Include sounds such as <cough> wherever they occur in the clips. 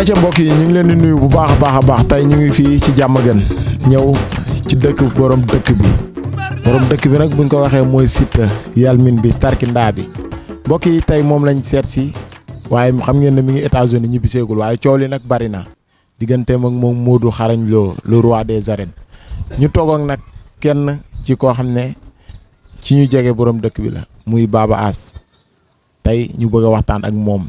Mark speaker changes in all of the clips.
Speaker 1: aca mbokk yi ñu ngi leen di nuyu bu baax a baax a baax tey ñu ngi fii ci jàmm gën ñëw ci dëkk borom dëkk bi borom dëkk bi nag buñ ko waxee mooy Siteu yalmin bi tarkindaa bi mbokk yi tey moom lañ seet si waaye xam ngeen ne mi ngi États-Unis ñibbiseegul waaye coow li nag bari na digganteem ak moom Modou Xarañ Lo le roi des arènes ñu toogoon nag kenn ci koo xam ne ci ñu jege boroom dëkk bi la muy baaba As tey ñu bëgg a waxtaan ak moom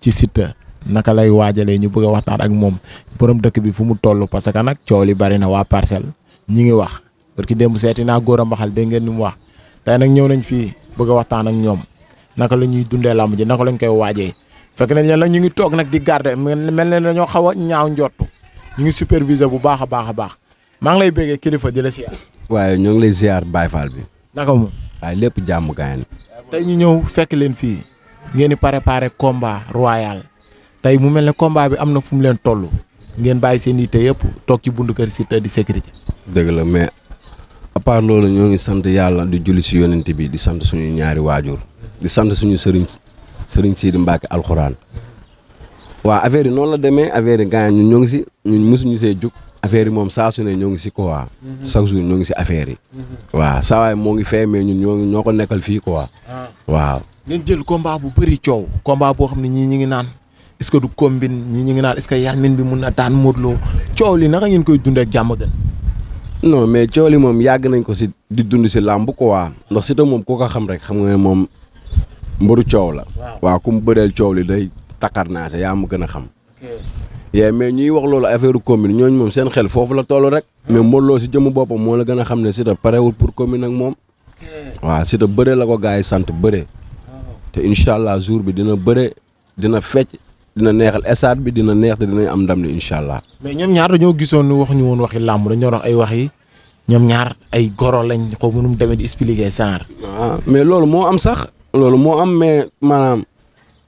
Speaker 1: ci Siteu naka lay waajalee ñu bëgg a waxtaan ak moom borom dëkk bi fu mu toll parce que nag coow li bari na waa parcelle ñi ngi wax barki démb seeti naa góor a mbaxal dégg ngeen ni mu wax tey nag ñëw nañ fii bëgg a waxtaan ak ñoom naka la ñuy dundee làmb ji naka lañ koy waajee fekk nañ ñu ngi di garder ñaaw ñu ngi superviser bu baax a baax Mang ngi lay béggee kilifa di la siyaar.
Speaker 2: waaye ñoo ngi lay ziar Baye Fall bi.
Speaker 1: naka mu. waaye lépp jàmm gaañ tey ñu fekk leen ngeen préparer combat royal tey mu mel ne combat bi am na fu mu leen toll ngeen bàyyi seen yitte ci bundu
Speaker 2: kër Siteu di sécurité. la mais à part loolu ñoo ngi sant yàlla di julli si yonent bi di sant suñu ñaari waajur di sant suñu sëriñ sëriñ Sidi Mbacke alxuraan waaw affaire yi noonu la demee affaire yi gaañ ñun ñoo ngi si ñun mosuñu see jug affaire yi moom saa su ne ñoo ngi si quoi. Mhm. chaque jour ñoo ngi si affaire yi. Mhm. waaw saa moo ngi fee mais ñun ñoo ko nekkal fii quoi. Ah. waaw. ngeen jël combat bu bari coow kombaa boo xam ne ñii ñu
Speaker 1: ngi naan est-ce que du combine ñii ñu ngi naan est-ce que bi mun na daan Modou Lo coow li naka ngeen koy
Speaker 2: dundee ak non mais li moom yàgg nañ ko si di dund si làmb quoi ndax Siteu moom ku ko xam rek xam nga moom mbaru coow la. waaw ku mu bëreel coow li day takkar naa sa yaa ma gën a xam. yee mais ñuy wax loolu affaire commune ñooñu moom seen xel foofu la toll rek. Ah. mais mbooloo si jëmu boppam moo la gën a xam ne Siteu parewul pour commune ak moom. waaw Siteu bëre la ko gars yi sant bëre. Ah. te incha allah jour bi dina bëre dina fecc dina neexal estade bi dina neex te dinañ am ndam li incha allah.
Speaker 1: mais ñoom ñaar dañoo gisoon wax ñu woon waxi làmb dañoo doon ay wax yi ñoom ñaar ay goro lañ xaw ma nu mu demee di expliquer saar.
Speaker 2: Ah, mais loolu moo am sax. loolu moo am mais maanaam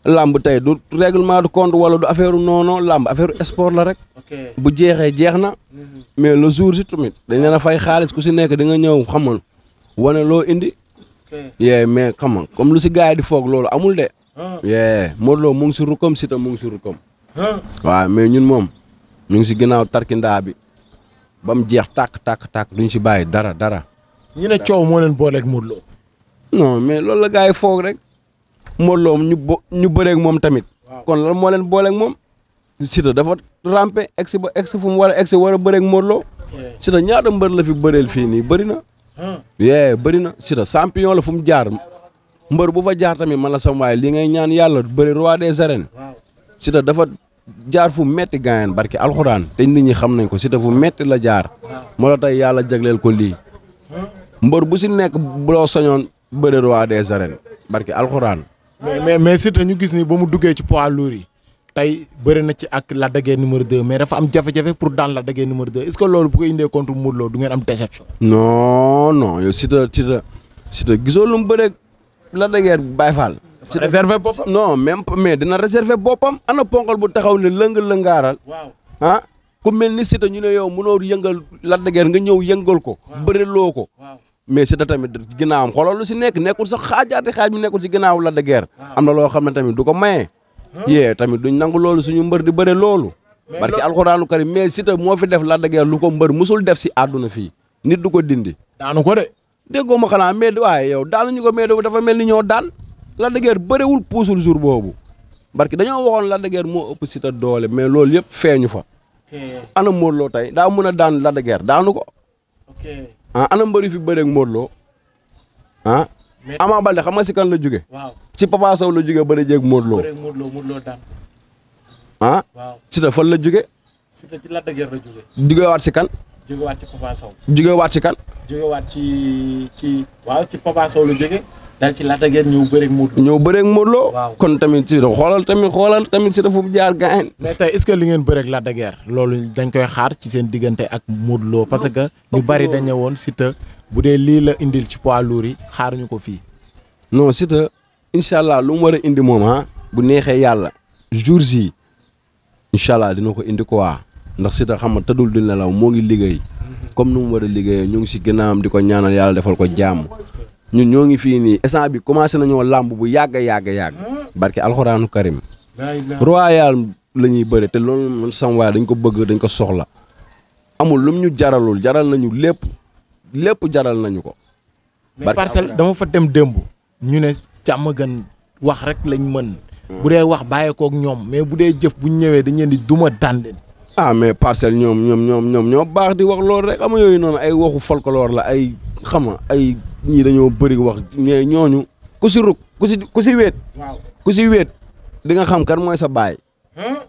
Speaker 2: làmb tey du règlement du compte wala du affaire noono làmb affaire sport la rek. bu jeexee jeex na. mais le jour si tamit dañ leen a fay xaalis ku si nekk di nga ñëw xamal wane loo indi. ok mais xam nga comme lu si gars di foog loolu amul yeah modlo mo mu ngi si rukkam Siteu mo ngi si rukkam wa mais ñun mom ñu ngi si ginnaaw tarkindaa bi bam jeex tak tak tak duñ ci baye dara dara. ñu ne ciow mo len booleeg ak Lo. non mais loolu la gaay fook rek modlo ñu ñu bo ak mom tamit. kon lan len leen booleeg moom. Siteu dafa rampe ex ba ex fu mu wara ex wara war ak modlo Modou ñaata mbeur la fi bëreel fi ni bëri na. Yeah, beri na Siteu champion la fu mu jaar mbër bu fa jaar tamit man la sam li ngay ñaan yàlla bëri roi des arènes Siteu dafa jaar fu metti gaañaan barki alxuraan te nit ñi xam nañ ko Siteu fu metti la jaar moo la tey yàlla jagleel ko lii hmm? mbër bu si nekk buloo sañoon bëri roi des arènes barki alxuraan mais mais mais Siteu ñu gis ni ba mu duggee ci poids
Speaker 1: lourd yi tey bëri na ci ak Lac de Guiers numéro 2 mais dafa am jafe-jafe daan Lac de Guiers numéro 2 est-ce
Speaker 2: que loolu bu ko indee du ngeen am déception. non non yow Siteu gisoo lu mu la da ngeen Baye Fall. ci réserver boppam non même mais dina réserver boppam. ana ponkal bu taxaw ne lëng-lëngaaral. waaw ah ku mel ni Siteu ñu ne yow mënoo yëngal la da nga ñëw yëngal ko. loo ko. mais Siteu tamit ginnaawam xoolal lu si nekk nekkul sax xaajaate xaaj mi nekkul si ginnaaw la da ngeen. am na loo xam ne du ko maye. yee tamit duñ nangu loolu suñu mbër di bëre loolu. barki alxuraanu karim mais Siteu moo fi def la da ngeen lu ko mbër musul def si àdduna fi nit du ko dindi. déggoo ma xanaa mais waaye yow ñu ko mais dafa mel ni ñoo daan Lac de Guiers bëriwul puusul jour boobu parce que dañoo waxoon Lac de Guiers moo ëpp Siteu doole mais loolu yëpp feeñu fa. ana Modou Lo tey daa mën a daan Lac de daanu ko. ah ana mbëri fi bëreeg Modou Lo amaa ah, mais Ama xam nga si kan la jóge waaw si Papa Sow la jóge bëri jéeg Modou Lo. bëreeg
Speaker 1: Modou Lo Modou Lo daan.
Speaker 2: ah. waaw Siteu fan la jóge
Speaker 1: Siteu ci Lac la jóge. jógewaat si jógewaat ci Papa Sow.
Speaker 2: jógewaat ci kan.
Speaker 1: jógewaat ci ci waaw ci Papa Sow
Speaker 2: la jóge dal ci laata ngeen ñëw bëreeg Modou ñëw bëreeg Modou Lo. kon tamit si xoolal tamit xoolal tamit si dafa jaar gaañ. mais tey est que li ngeen bëreeg Lac de Guiers
Speaker 1: loolu dañ koy xaar ci seen diggante ak
Speaker 2: Modou parce que ñu bari dañ ñëwoon Siteu bu dee lii la indil ci pois lour yi xaaruñu ko fii. non Siteu incha lu mu war a indi moom ah, bu neexee yàlla jours yi incha allah dina ko indi quoi. ndax Siteu xam nga tëddul di nelaw moo ngi liggéey comme nu mu war a liggéeyee ñu ngi si ginnaawam di ko ñaanal yàlla defal ko jàmm ñun ñoo ngi fii nii instant bi commencé nañoo làmb bu yàgg yàgg yàgg barke alxuraanu karim royal la ñuy bëri te loolu man sam waaye dañ ko bëgg dañ ko soxla amul lum ñu jaralul jaral nañu lépp lépp jaral nañu ko. mais parcelle dama
Speaker 1: fa dem démb ñu ne càmm gën wax rek lañ mën. Hmm. bu dee wax bàyyeekoo ak
Speaker 2: ñoom mais bu dee jëf bu ñ ñëwee dañ leen di duma daan ah mais parcelle ñoom ñoom ñoom ñoom ñoo baax di wax loolu rek ama yooyu noonu ay waxu folklore la ay xama ay ñii dañoo bëri wax mais ñooñu ku si si ku si ku si weet di nga xam mooy sa baay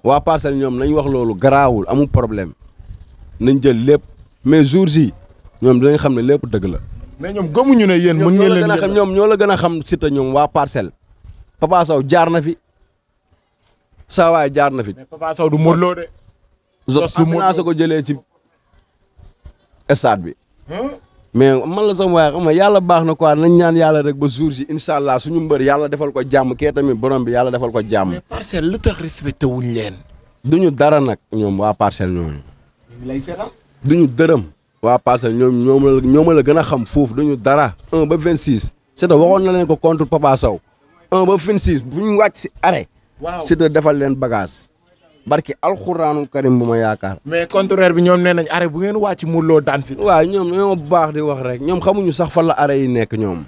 Speaker 2: waa parcelle ñoom nañ wax loolu garaawul amul problème nañ jël lépp mais jours yi ñoom dinañ xam ne lépp dëgg la.
Speaker 3: mais ñoom gëmuñu ne yéen mën ngeen leen
Speaker 2: ñoom ñoo la gën a xam Siteu ñoom waa parcelle. Papa jaar na fi saa jaar na fi. so Zos su menacé ko jëlee ci stade bi. Hmm? mais man la sama waaye xam nga yàlla baax na ko quoi nañ ñaan yàlla rek ba jour ji incha allah suñu mbër yàlla defal ko jàmm kee tamit borom bi yàlla defal ko jàmm. mais parcelle lu tax respecté wuñ leen. duñu dara nag ñoom waa parcelle ñooñu. lay seetal duñu dërëm. waa parcelle ñoom ñoom la ñoom la gën a xam foofu duñu dara. 1 ba 26. c'est-à-dire na leen ko contre Papa Sow. 1 ba 26 bu ñu wàcc si arrêt. waaw cest à defal leen bagage. barki alxuraanu karim bu ma yaakaar. mais contraire bi ñoom nee nañ arrêt bu ngeen wàcc muloo daan si. waaw ñoom ñoo baax di wax rek ñoom xamuñu sax fan la arrêt nekk ñoom.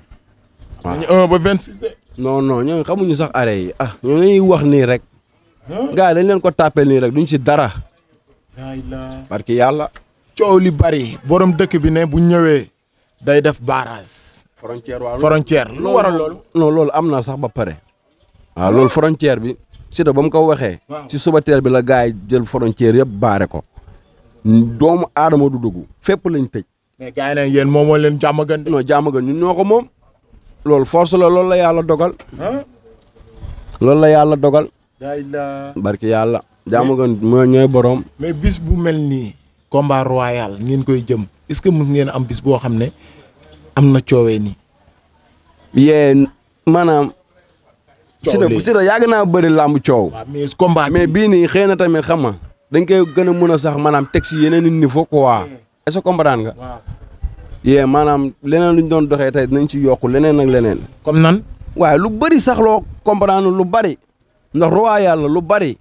Speaker 2: waaw dañuy 1 ba 26. non non ñoom xamuñu sax arrêt yi ah ñoo ngi wax nii rek. gars dañ leen ko tàppee nii rek duñu ci dara. barki yàlla.
Speaker 1: coow li bari borom dëkk bi ne bu ñëwee day def barrage.
Speaker 2: frontière waaw frontière lu waral loolu. loolu am na sax ba pare. waaw loolu bi. Siteu ba mu ko waxee. si suba teel bi la gars yi jël frontière yëpp baare ko. doomu aadama du dugg fépp lañ tëj. mais gars yi nag yéen moomoo leen jàmm gën. non jàmm gën ñun ko moom. loolu force la loolu la yàlla dogal. loolu la yàlla dogal.
Speaker 1: yàlla.
Speaker 2: barki yàlla. jàmm gën mooy ñooy borom. mais
Speaker 1: bis bu mel nii. combat royal ngeen koy jëm est-ce que mus ngeen am bis boo xam ne am na coowee ni
Speaker 2: yee maanaam
Speaker 4: Siteu Siteu
Speaker 2: yàgg naa bëri làmb coow. mais combat mais bii nii xëy na tamit xam nga dañ koy gën a mën a sax maanaam teg si yeneen i niveau quoi. Hmm. est-ce que comprendre nga. waaw yee maanaam leneen lu ñu doon doxee tey dinañ ci yokk leneen ak leneen. comme nan. waaye lu bëri sax loo comprendre lu bëri. ndax roi yàlla lu bëri.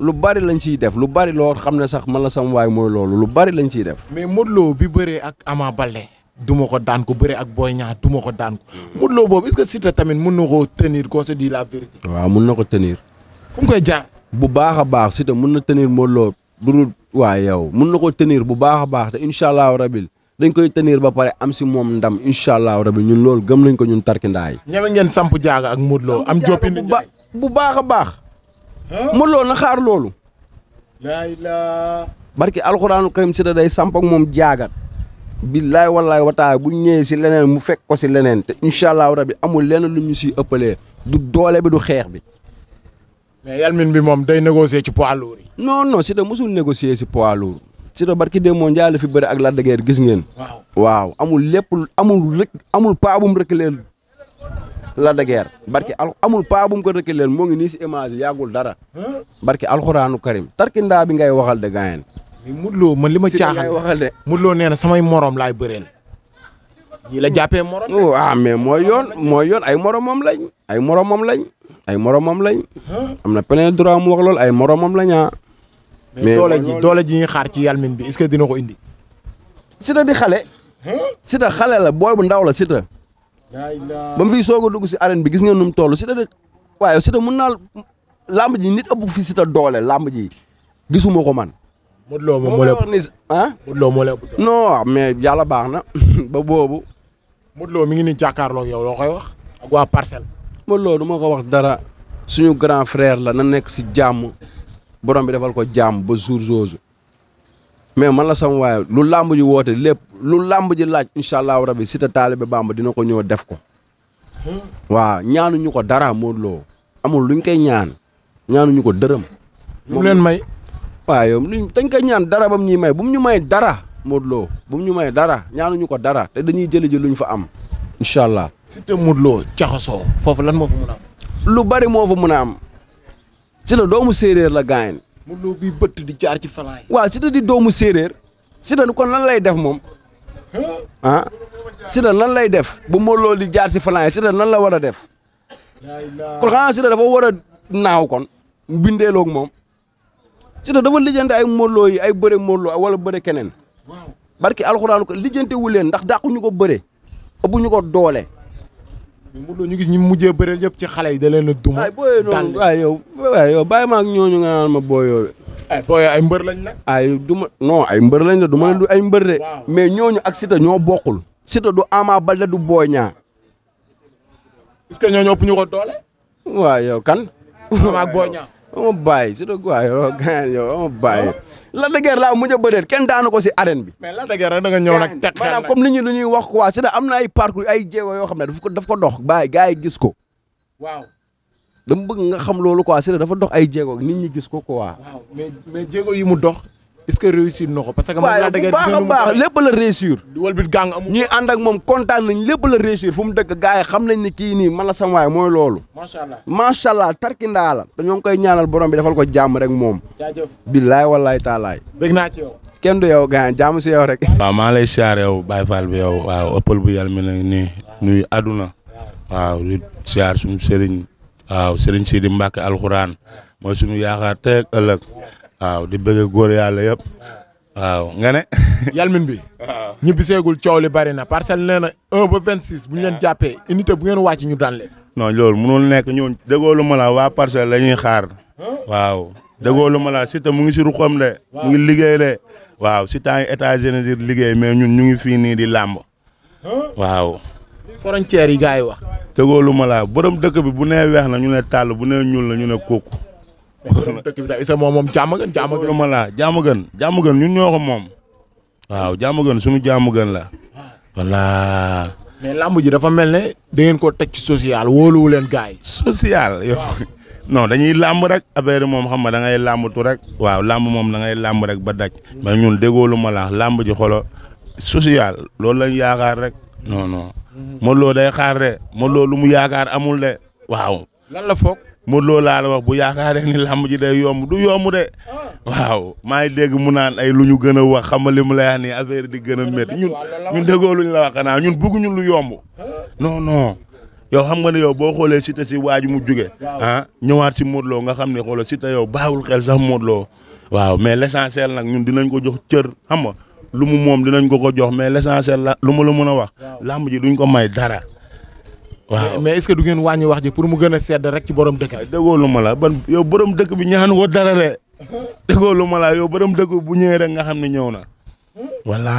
Speaker 2: lu bari lañ ciy def lu bari loo xam ne sax man la sama waay mooy loolu lu bari lañ ciy def.
Speaker 1: mais Modou Lo bi bëree ak Ama Baldé. duma ko daan ko bëre ak booy Niang duma ko daan ko Modou tamit mën na koo tenir qu'on se dit la
Speaker 2: vérité. waaw mën na ko tenir. fu koy jaar. bu baax a baax Siteu mën na tenir Modou Lo du waa yow mun na ko tenir bu baax a baax te incha allahu rabil dañ koy tenir ba pare am si moom ndam incha allahu rabil ñun loolu gëm nañ ko ñun ndaay
Speaker 1: ñeme ngeen samp jaaga ak Modou Lo am
Speaker 2: joppin bu baax a baax. Modou Lo na xaar loolu. laay la. barki alxuraanu karim Siteu day samp ak moom jaagat. billaay wallaay wataay bu ñëwee si leneen mu fekk ko si leneen te incha allahu rabi amul lenn lu ñu si ëppalee du doole bi du xeex bi. mais yalmin bi moom day négocier ci poids lourd yi. si non Siteu mosul négocier si poids lourd. Siteu barki démb Ndiaye la fi bëri ak Lac de gis ngeen. waaw waaw amul lépp amul rek amul paa bu mu reculer Lac de Guiers barki al amul paa bu mu ko reculer moo ngi nii si image yàggul dara. barki alxuraanu karim. tarkindaa bi ngay waxal de gaayen mais Modou Lo man li ma caaxaan
Speaker 1: mun loo nee na samay moroom laay bëreel.
Speaker 2: ñii la jàppee morom. waaw oh, ah, mooy yoon mooy yoon ay moromam lañ. ay moromam lañ. ay moromam lañ. am na plein droit mu lool loolu ay moromam lañ ah. mais doole ji doole ji xaar ci yàlla min bi est que dina ko indi. Siteu di xale. Siteu xale la booy bu ndaw la Siteu. ba mu fiy soog a dugg si arène bi gis ngeen nu mu toll Siteu de waaye Siteu mun naa lamb ji nit ëpp fi Siteu doole lamb ji gisuma ko man.
Speaker 1: Modou Lo moom moo lay ëpp ah Modou Lo moo lay ëpp
Speaker 2: mais yàlla baax na <laughs> ba boobu. Modou Lo mi ngi ni jàkkaarloo ak yow loo koy wax ak waa parcelle. Modou Lo du ma ko wax dara suñu grand frère la na nekk si jàmm borom bi defal ko jàmm ba jour jooju mais man la sama waaye lu làmb ji woote lépp lu làmb ji laaj incha allahu rabi si te taalibe Bàmba dina ko ñëw def ko. Hmm? waaw ñaanuñu ko dara Modou Lo amul luñ koy ñaan ñaanuñu ko dërëm. waaye yow luñ dañ koy ñaan dara bam ñuy may bu mu ñu may dara Modou Lo bu mu ñu may dara ñaanuñu ko dara te dañuy jëli ji luñ fa am incha allah. Siteu Modou Lo caxasoo foofu lan moo fa mun a am. lu bari moo fa mun a am. Siteu doomu séeréer la gaayen. Modou Lo bii di jaar ci falaay. waaw Siteu di doomu séeréer. Siteu kon lan lay def moom ah lan lay def bu Modou Lo di jaar si falaay Siteu nan la war a def. kon xanaa Siteu dafa war a naaw kon mbindeeloo look moom. Siteu dafa lijjante ay Modou ay bëre Modou Lo wala bëre keneen barki alxuraan ko lijjante wu leen ndax dàqu ñu ko bëre ëpp ñu ko doole. ñu gis ñi mujjee bëreel yëpp ci xale yi da leen a duma. ay booyoo ay booyoo mbër lañ nag. ay du ma ay mbër lañ la du ma ay mbër de. mais ñooñu ak Siteu ñoo bokkul. Siteu du Ama Baldé du Boy Niang. est-ce ñooñu ëpp ñu ko doole. waaw yow kan. ama bàyyi su dee quoi yow <laughs> gaañ yow ama bàyyi. Lac de Guiers laa mujj a bëreel kenn daanu ko si arène bi. mais Lac de Guiers rek da nga ñëw nag. teg maanaam comme li lu ñuy wax quoi su dee am na ay parcours ay jéego yoo xam ne daf ko daf ko dox bàyyi gars yi gis ko. waaw. dama bëgg nga xam loolu quoi su dee dafa dox ay jéego nit ñi gis ko quoi. waaw mais mais jéego yi mu dox. est-ce que réussir na ko parce que. moom laa dëgg bu baax a baax lépp la réussir. walbit gang amul ñii ànd ak moom kontaan nañ lépp la réussir fu mu dëkk gars yi xam nañ ni kii nii man la sama waay mooy loolu. macha allah macha allah tarkindaa la. te ñoo ngi koy ñaanal borom bi defal ko jàmm rek moom. jaajëf billaay wallaay dégg naa ci kenn du yow gars jàmm
Speaker 3: si rek. waaw maa lay siyaar yow Baye Fall bi yow waaw ëppal bu yàlla mi nag nii nuyu àdduna. waaw di siyaar suñu sëriñ. waaw sëriñ Sidi Mbacke alxuraan mooy suñu yaakaar tey ëllëg waaw di bëgg góor yàlla yëpp. waaw nga ne.
Speaker 1: <laughs> yalmin bi. waaw ñibbiseegul coow li bari na parcelle nee na 1 ba 26 bu ñu leen jàppee unité
Speaker 3: bu ngeen wàcc ñu daan leen. non loolu mënul nekk ñooñu déggoo lu ma waa parcelle la ñuy xaar. waaw déggoo lu ma la mu ngi si de. mu ngi liggéey de. waaw si temps di liggéey mais ñun ñu ngi fii nii di làmb. waaw. frontière yi gars yi wax. déggoo lu ma la borom dëkk bi bu ne weex na ñu ne tàll bu nee ñuul la ñu ne kooku. dëkk bi daal Issa moom moom jàmm gën jàmm gën ma laa jàmm jàmm gën ñun ñoo moom waaw jàmm gën suñu jàmm gën la wala mais làmb ji dafa mel ne da ngeen koo teg ci social wóoluwu leen gaay social yow non dañuy làmb rek affaire moom xam nga da ngay làmbtu rek waaw làmb moom da ngay làmb rek ba daj mais ñun déggoolu ma laa làmb ji xolo social loolu lañ yaakaar rek non non mhm. Modou Lo day xaar de Modou Lo lu mu yaakaar amul de waaw lan la foog Modou Lo laa la wax bu yaakaaree ni làmb ji day yomb du yomb de ah. waaw maa ngi dégg mu naan ay lu ñu gën a wax xam nga li mu lay wax nii affaire di gën a métti ñun ñun déggoo lu ñu la wax xanaa ñun bëgguñu lu yombu ah. non non yow xam nga ne yow boo xoolee Siteu si waaju mu juge ah ñëwaat si Modou nga xam ne xoolal Siteu yow baawul xel sax Modou waaw mais l'essentiel nag ñun dinañ ko jox cër xam nga lu mu moom dinañ ko ko jox mais l'essentiel la lu ma la mën a wax làmb ji duñ ko may dara waaw mais est-ce que du ngeen wàññi wax ji pour mu gën a sedd rek ci borom dëkk bi. déggoo lu ma borom dëkk bi ñaan woo dara de déggoo lu ma la yow borom dëkk bu ñëwee rek nga xam ne ñëw na. voilà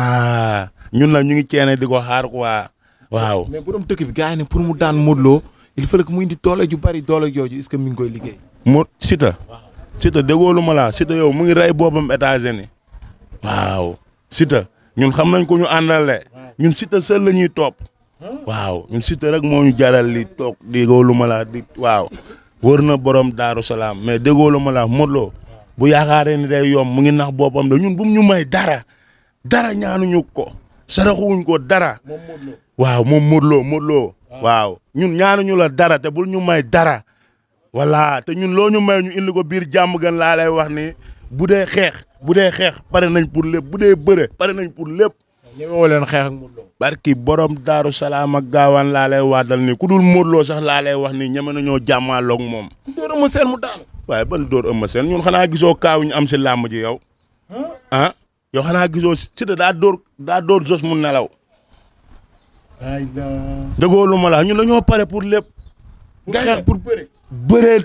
Speaker 3: ñun nag ñu ngi ceene di ko xaar quoi. waaw mais borom dëkk bi gars ne pour mu daan Modou Lo il faut que mu indi doole ju bari doole jooju est-ce que mi ngi koy liggéey. mu Siteu. waaw Siteu déggoo lu ma la yow mu ngi rey boobam États-Unis waaw Siteu ñun xam nañ ko ñu àndale ñun Siteu seul la ñuy topp. waaw ñun Siteu rek moo ñu jaral li toog déggoo lu ma la waaw wër na borom daaru salaam mais déggoo lu ma la Modou Lo bu yaakaaree ni day yomb mu ngi nax boppam da ñun bu ñu may dara dara ñaanuñu ko saraxuwuñ ko dara. waaw moom Modou Lo Modou Lo ah. waaw ñun ñaanuñu la dara te bul ñu may dara. voilà te ñun loo ñu may ñu indi ko biir jàmm gan laa lay wax ni bu dee xeex bu dee xeex pare nañ pour lépp bu dee bëre pare nañ pour lépp ñemewoo leen xeex ak Modou Lo. barki borom Daaru Salaam ak gaawaan laa lay ni ku dul Modou Lo sax laa wax ni ñeme nañoo jàmmaaloog moom. dóor Eumeu Sène mu daanu. waaye ban dóor Eumeu Sène ñun xanaa gisoo kaaw ñu am si làmb ji yow. ah yow xanaa gisoo Siteu daa dóor daa dóor jos mu nelaw. ayda. dëggoo lu ma la ñun dañoo pare pour lépp. nga xeex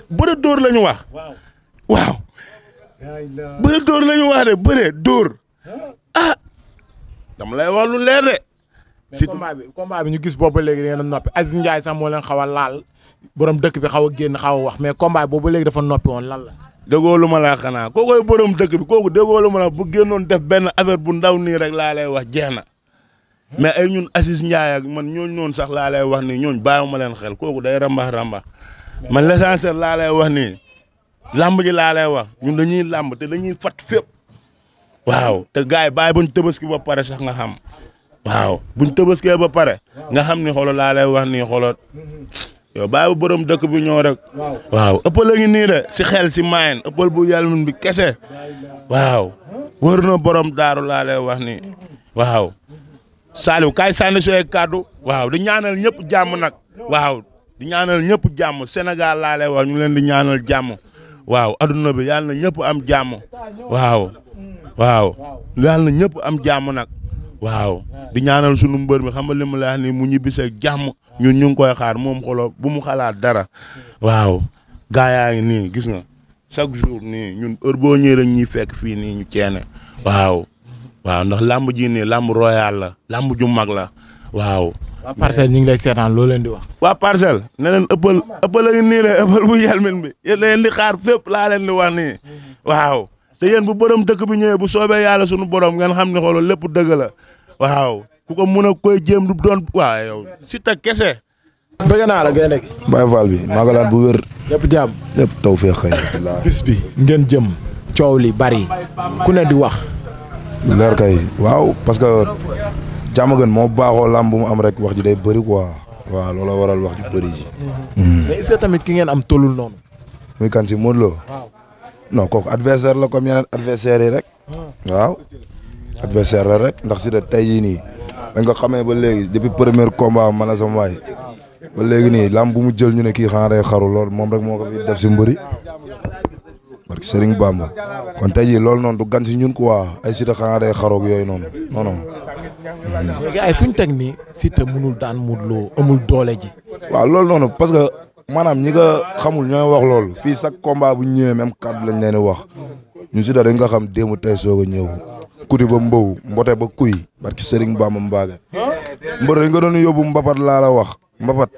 Speaker 3: la ñu wax. waaw waaw. bëre la ñu wax de bëre dóor. ah.
Speaker 1: dama lay wax lu leer de. si combat bi ñu gis boobu ba léegi da noppi Aziz Ndiaye
Speaker 3: sax moo leen xaw a laal borom dëkk bi xaw a génn xaw a wax mais combat boobu ba léegi dafa noppi woon lan la. déggoo lu ma la xanaa kookoy borom dëkk bi kooku déggoo lu ma la bu génnoon def benn affaire bu ndaw nii rek laa lay wax jeex na mais ay ñun Aziz Ndiaye man ñooñu noon sax laa wax nii ñooñu bàyyi ma leen xel kooku day rambax man l'essentiel laa lay wax nii làmb ji laa wax ñun dañuy làmb te dañuy fat fépp waaw te gars yi bàyyi buñ tëbaski ba pare sax nga xam waaw buñ tëbaskee ba pare nga xam ni xoolal laa lay wax nii xoolal yow bàyyi bu borom dëkk bi ñëw rek. waaw ëppal a ngi nii de si xel si maayen ëppal bu yàlla bi kese waaw wër na borom daaru laa wax nii waaw. Saliou kaay sànni sooy kàddu waaw di ñaanal ñëpp jàmm nag waaw di ñaanal ñëpp jàmm Sénégal laa lay leen di ñaanal jàmm. waaw adduna bi yàlla na ñëpp am jàmm waaw waaw na ñëpp am jàmm nag waaw di ñaanal sunu mbër mi xam nga li mu laax ni mu ñibbise jàmm ñun ñu ngi koy xaar moom xolo bu mu xalaat dara waaw gaa yaa ngi nii gis nga chaque jour ni ñun heure boo ñëwee ñi ñuy fekk fii nii ñu ceene waaw waaw ndax làmb ji nii làmb royal la làmb ju mag la waaw waa parcelle ñu ngi lay seetaan loo leen di wax. waa parcelle ne leen ëppal ëppal a bu yelmin bi yéen di xaar fépp laa leen di wax nii waaw te yéen bu borom dëkk bu ñëwee bu soobee yàlla sunu borom ngeen xam ne xoolal lépp dëgg la waaw ku ko mun a koy jéem du doon waaw yow si ta kese. bëgg naa la gaynde gi.
Speaker 4: Baye Fall bi magalaat bu wér. lépp jàmm lépp taw fee xëy. <coughs> bis bi ngeen jëm coow li bari ku ne di wax. leer kay waaw parce jàmm gën moo baaxoo lam bu mu am rek wax ji day bëri quoi waaw loola waral wax ju bëri ji.
Speaker 3: Mm-hmm.
Speaker 4: mais est tamit ki ngeen am tollul noonu. muy kan si Modou Lo. waaw non adversaire la comme yeneen adversaires yi rek. Mm. waaw adversaire la rek ndax si da tey jii nii dañ ko xamee ba léegi depuis premier combat man la sama waay ba léegi nii làmb bu mu jël ñu ne kii xanaa day xaru lool moom rek moo ko fi si mbëri parce que Serigne Bamba kon tey jii loolu noonu du gan si ñun quoi ay si xanaa day xaroog yooyu noonu
Speaker 3: mais gars
Speaker 4: fu ñu teg nii Siteu mënul daan Modou Lo amul doole ji. waaw loolu noonu parce que maanaam ñi nga xamul ñooy wax loolu fii chaque combat bu ñëwee même kàddu lañ leen di wax ñun Siteu dañ nga xam démb te soog a ñëw. kuti ba mbow mbote ba kuy barki Serigne Bamba Mbaga mbër dañ nga doon yóbbu mbapat laa la wax mbapat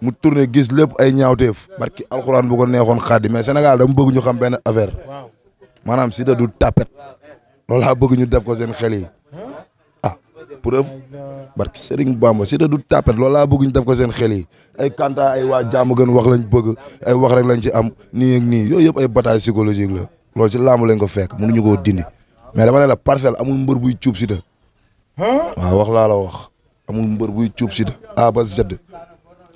Speaker 4: mu tourné gis lépp ay ñaaw ñaawteef barki alxuraan bu ko neexoon xaddi mais Sénégal dama bëgg ñu xam benn affaire maanaam Siteu du tapet loolu laa bëgg ñu def ko seen xel yi preuve barke Serigne Bamba Siteu du tapet loolu laa bëgg ko seen xel yi ay kanta ay waa jàmm wax lañ bëgg ay wax rek lañ ci am nii ak nii yooyu yëpp ay bataille psychologique la loolu ci laamu lañ ko fekk mënuñu koo dindi mais dama ne la parcelle amul mbër bu cuub Siteu waaw wax laa la wax amul mbër buy cuub Siteu A ba Z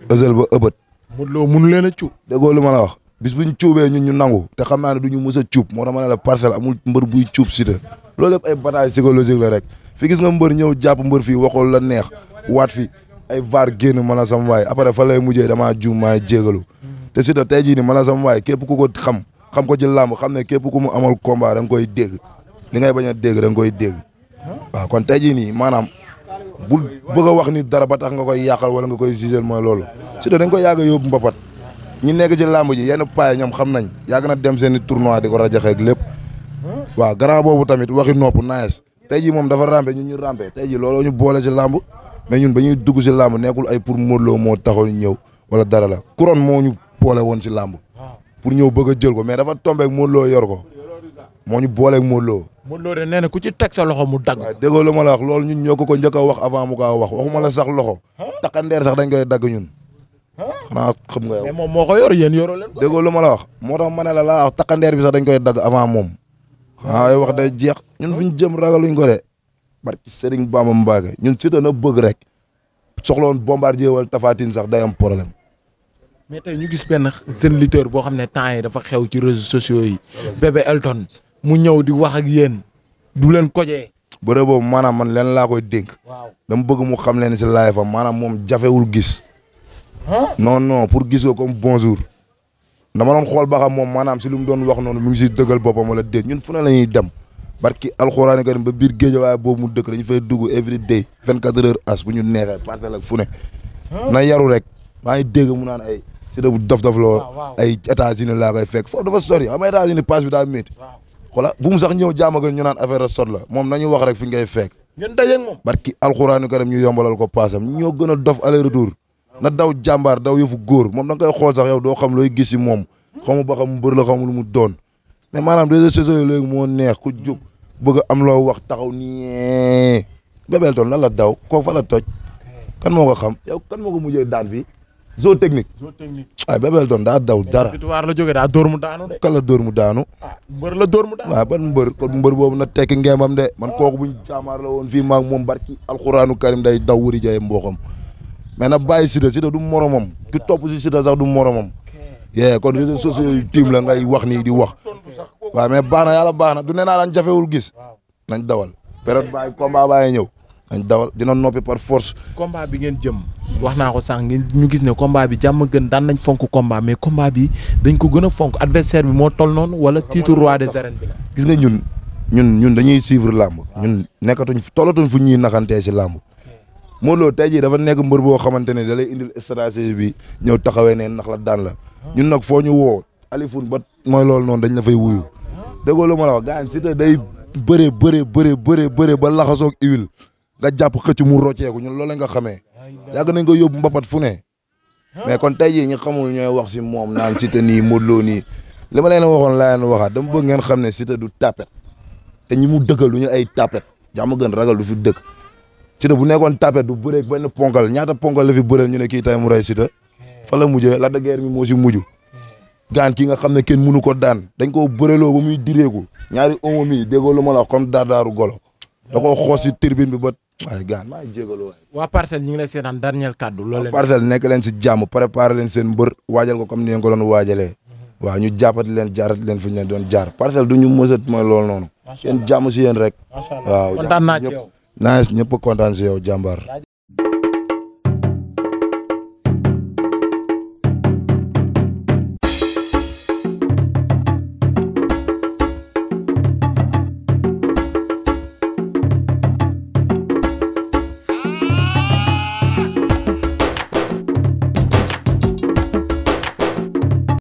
Speaker 4: ësel ba ëbët. Modou Lo mënu leen a cuub. déggoo lu ma la bis buñ cuubee ñun ñu nangu te xam naa ne du ñu mës a cuub moo tax ma ne la parcelle amul mbër buy cuub Siteu loolu yëpp ay bataille psychologique la rek fi gis nga mbër ñëw jàpp mbër fii waxul la neex waat fi ay vaar génn mën a sam waay après fa lay mujjee damaa juum maay jégalu te Siteu tey jii ni mën a sam waay képp ko xam xam ko ci làmb xam ne képp ku mu amal combat da nga koy dégg li ngay bañ a dégg da nga koy dégg waaw kon tey jii nii maanaam bul bëgg a wax ni dara ba tax nga koy yàqal wala nga koy sigel mooy loolu Siteu da nga koy yàgg yóbbu mbapat ñi nekk ci làmb ji yenn paay ñoom xam nañ yàgg na dem seen i tournoi di ko rajaxe ak lépp waaw grand boobu tamit waxi nopp naes tey ji moom dafa rampe ñun ñu rampe tey ji looloo ñu boole si làmb mais ñun ba ñuy dugg si làmb nekkul ay pour Modou Lo moo taxoon ñëw wala dara la couronne moo ñu boole woon si làmb pour ñëw bëgg jël ko mais dafa tombé ak Modou Lo yor ko moo ñu boole ak Modou Lo Modou Lo de nee na ku ci teg sa loxo mu dagg. waaw déggoo lu ma la wax loolu ñun ñoo ko ko njëkk a wax avant mu kaa wax waxuma la sax loxo. taxandeer sax dañ koy dagg ñun. xanaa xam nga. mais moom moo ko yor yéen yoroo leen ko. déggoo lu ma la wax moo tax ma ne la laa wax takkandeer bi sax dañ koy dagg avant moom. waaw yow wax day jeex ñun fu ñu jëm ragaluñ ko de. barki Serigne Bamba Mbacké ñun Siteu na bëgg rek soxla woon Bombardier wala Tapha sax day am problème.
Speaker 1: mais tey ñu gis benn seen lutteur boo xam ne temps yi dafa xew ci réseaux sociaux yi.
Speaker 4: bébé Elton
Speaker 1: mu ñëw di wax ak yéen du leen kojee.
Speaker 4: bëre boobu maanaam man leen laa koy dénk. waaw dama bëgg mu xam leen si laay fa maanaam moom jafewul gis. non non pour gis ko comme bonjour. dama doon xool ba xam moom maanaam si lu mu doon wax noonu mu ngi si dëggal boppam wala déet ñun fu ne la ñuy dem barki alxuraan karim ba biir géej waaye boobu mu dëkk dañu fay dugg every ñu neexee parcelle ak na yaru rek maa ngi dégg mu naan ay si da bu dof dof loo ay États-Unis laa koy fekk foofu dafa sori xam nga États-Unis passe daa métti xoola bu mu ñëw jaama ñu naan affaire sot la moom nañu wax rek fi ngay fekk ñun dajeeg moom barki ñu yombalal ko ñoo gën a dof aller retour na daw jàmbaar daw fu góor moom da nga koy xool sax yow doo xam looy gis si moom xamu ba xam mu bëri la xamu lu mu doon mais maanaam réseaux sociaux yi léegi moo neex ku jóg bëgg am loo wax taxaw nii Bébé Elton lan la daw koo fa la toj kan moo ko xam yow kan moo ko mujjee daan fii zoo technique. zoo technique waaw ah, Bébé Elton daa daw dara. victoire la jógee daa dóor mu daanu de. kan la dóor mu daanu. ah
Speaker 1: mbër la dóor mu
Speaker 4: daanu. waaw ban mbër kon mbër boobu na tekki ngeemam de man kook buñ jaamaar la woon fii maag moom barki alxuraanu karim day daw wëri jaay mboxam mais na bàyyi Siteu Siteu du moromam ki topp si Siteu sax du moromam. yee kon réseaux sociaux yu tiim la ngay wax nii di wax waaw mais baax na yàlla baax na du nee naa daan jafewul gis nañ dawal période bàyyi combat bàyyi ñëw nañ dawal dina noppi par force. combat bi ngeen jëm
Speaker 1: wax naa ko sànq ngeen ñu gis ne combat bi jàmm gën daan nañ fonk combat mais combat bi dañ ko gën a fonk adversaire bi moo tol noonu wala titre roi des arènes
Speaker 4: bi gis nga ñun ñun ñun dañuy suivre làmb ñun nekkatuñ tollatuñ fu ñuy naxantee si làmb Modou Lo tey jii dafa nekk mbër boo xamante ne da lay indil stratégie bi ñëw taxawee ne ndax la daan la ñu nag foo ñu woo Alioune ba mooy loolu noonu dañ la fay wuyu déggoo lu ma la wax gaañ si te day bëree bëree bëree bëree bëree ba laxasoog iwil nga jàpp xëcc mu rocceeku ñun loolu nga xamee yàgg nañ ko yóbbu mbapat fu ne kon tey jii ñi xamul ñooy wax si moom naan Siteu nii Modou loo nii li ma leen waxoon laa leen waxaat dama bëgg ngeen xam ne Siteu du tapet te ñi mu dëkkal du ñu ay tapet jàmm gën ragal du fi dëkk Siteu bu nekkon tapet du bëreeg ben pongal ñaata pongal la fi bëreel ñu ne ki tay mu rey Siteu fa la mujjé la da guerre mi mo si mujju gaan ki nga xam ne mënu ko daan dañ ko bëreloo bu muy direeku ñaari omo mi déggoo luma la wax comme daardaaru golo da ko xoss ci tribune bi ba ay gaan ma jégalu
Speaker 1: wa parcel ñi ngi lay sétan dernier kàddu loolu parcel
Speaker 4: nekk leen si jamm préparer leen seen mbeur waajal ko comme ni ko doon waajalee ñu jappat leen jaarati leen fu ñu leen doon jaar parcelle du ñu mësat moy lool noonu seen jamm ci yeen rek waaw kontaan ci yow nice ñëpp kontaan si yow jàmbaar.